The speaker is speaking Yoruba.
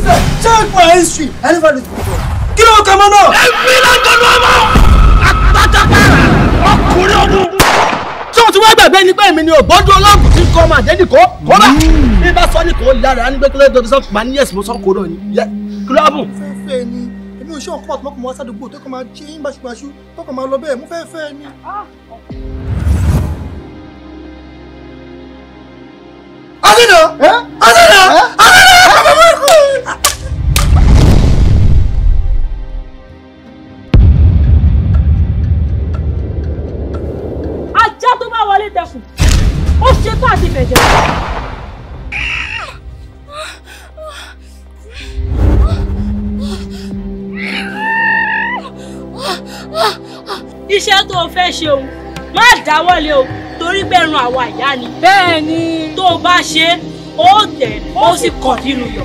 ìfẹ́ check my history i never do it before. kí ló kọ́ mọ́ náà. ẹ fi lọ́jọ́ ló mọ́ àtàtàkàrà ọkùnrin ọdún. tí wọ́n ti wá gbàgbé ni pé èmi ni òbọ́dún ọlọ́ọ̀gùn tí kọ́ máa dẹ́ni kọ́ kọ́ bá. bí bá sọ ní kò lára ní pé kí ló dọ́dọ́ sọ máa ní yẹ̀sì mo sọ kó náà ni kí ló bù. fẹ́ẹ́ ni èmi ò ṣe ọkọ àtúmọ̀kùnmọ́ asádùúgbò tó kàn máa ṣe yín báṣubàṣu tó kàn máa lọ bẹ́ẹ̀ mo fẹ́ fẹ́ ni. Adina! Ah! Adina! dẹkùn ó ṣetán àti fẹ̀jẹ̀. iṣẹ́ tó o fẹ́ ṣe o má dáwọ́lé o torí pé ẹran àwa ìyá ni. bẹ́ẹ̀ ni. tó o bá ṣe é ó tẹ̀ ó sì kọ̀ nínú yọ.